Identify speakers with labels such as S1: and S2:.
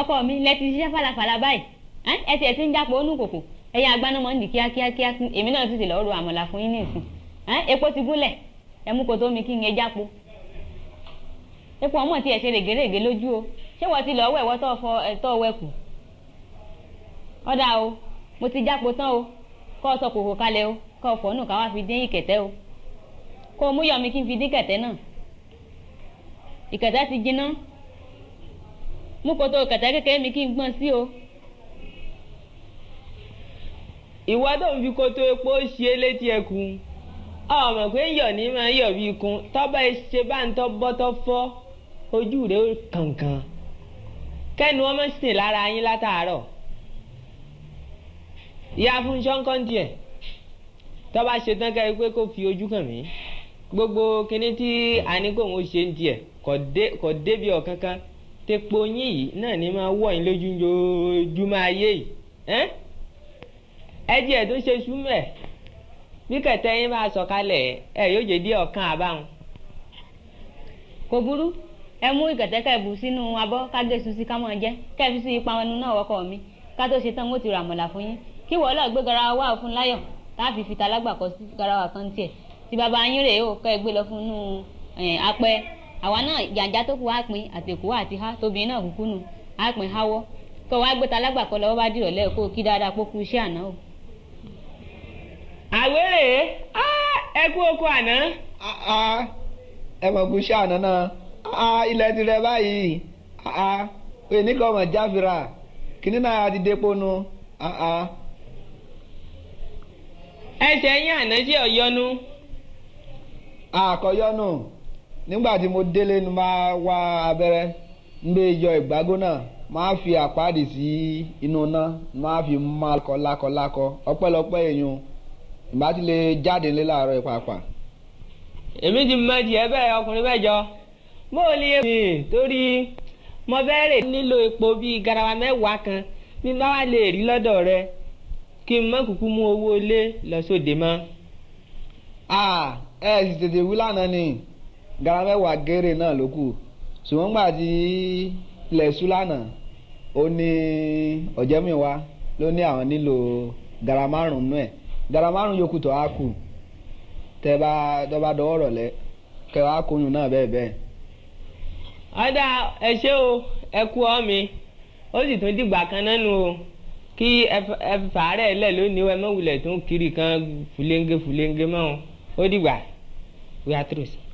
S1: ọkọ mi lẹ ti ṣiṣẹ́ fàlàfàlà báyìí ẹ tiẹ̀ ti ń jápọ̀ ó nù kòkò ẹ̀yà agbanumọ̀ ń dì kíákíákíá èmi náà sì ti lọ́ọ́ ro àmàlà fún yín nìsín epo ti gúnlẹ̀ ẹ mú kòtò mi kí n yẹ jápọ̀ epo ọmọ tiẹ̀ ṣe règérègé lójú o ṣé wọ́n ti lọ́ọ́ wẹ̀wọ́ tọ́ wẹ̀kù ọ̀dà o mo ti jápọ̀ tán o kọ́ ọ sọ kòkò kalẹ̀ o kọ́ ọ fọ̀ nù káwá fi dín ìkẹ̀tẹ́ o kó o mú yọ̀ mi kí n fi dín kẹ̀tẹ́ náà ìkẹ̀tẹ́ ti jiná mú koto kẹ̀tẹ́ kékeré mi kí n gbọ́n sí o.
S2: ìwọ tó ń fi koto epo ṣe létí ẹkùn ọmọ pé ń yọ ní máa ń yọ bí ikun tọ́ba ṣe bá ń tọ́ bọ́tọ́ fọ́ ojú rẹ̀ kankan kẹ́nu ọmọ sìn lára yín látàárọ̀ ìyá fún ṣọ́ńkọ́n díẹ̀ tọ́ba ṣe tán kẹ́rin pé kó fi ojú kàn mí gbogbo kinní tí àníkòhún ṣe ń díẹ̀ kò débi ọ̀kankan tepo yín yìí náà ní máa wọ̀ yín lójoojúmọ́ ayé yìí ẹ jẹ́ tó ṣe súnmẹ̀ bí kẹ̀tẹ́ yín máa sọ̀kalẹ̀ ẹ yóò jẹ́ díẹ̀ ọ̀kan àbáhùn.
S1: kò burú ẹ mú ìkẹ̀tẹ́ kẹ̀bù sínú abọ́ kágẹ́sù sí kámọ́ jẹ́ kẹ́ẹ̀fi sí ipa ẹnu náà wọ́kọ̀ mi ká tó ṣe tán wọ́n ti rà mọ̀là fún yín kí wọ́n lọ gbé garawa wá fún láyọ̀ láàfin fi talágbàkọ sí garawa kan tiẹ̀ tí bàbá yín rèé o kẹ́ ẹ gbé lọ fún un apẹ́ àwa náà jàǹjà tó kù wá pin àtẹ̀kù àti ha tóbi náà kúkú nù á pin háwọ́ kó wá gbé talágbàkọ lọ́wọ́ bá dìrọ̀ lẹ́ẹ̀ kó kí dáadáa pókú iṣẹ́ àná o.
S2: àwérè ẹ kú oko àná.
S3: ẹ mọ̀ kú iṣẹ́ àná náà ilẹ̀ ti rẹ báyìí ní náà ti nígbà tí mo délé ni máa wá abẹ́rẹ́ nbẹ yọ ìgbágó náà máa fi àpáàdì sí inú náà máa fi máa lakọ lakọ lakọ ọpẹ́lọpẹ́ èèyàn ti lè jáde nílé láàárọ̀ ìpàpà.
S2: èmi ti mọ ẹbẹ ọkùnrin mo lè torí mo nílò garawa kan bí bá lè rí rẹ kí n má kúkú mú ẹ
S3: ẹ lánàá ni. gara mẹ́wàá géré náà ló kù ṣùgbọ́n gbà tí ilẹ̀ ṣú lánàá ó ní ọ̀jẹ̀mìwá ló ní àwọn nílò gara márùn-ún nú ẹ̀ gara márùn-ún yòókù tó á kù tẹ́ bá dọ́bá dọwọ́ rọ̀lẹ́ kẹwàá kóyún náà bẹ́ẹ̀ bẹ́ẹ̀.
S2: ọ̀dà ẹ ṣé o ẹ kú ọ mi ó sì tún dìgbà kan náà o kí ẹ fàárẹ̀ lẹ̀ lónìí ẹ
S1: mọ̀wulẹ̀ tó ń kiri kan fúlẹ́ńgé fúlẹ́ńgé mọ́ ó dìgbà we are through.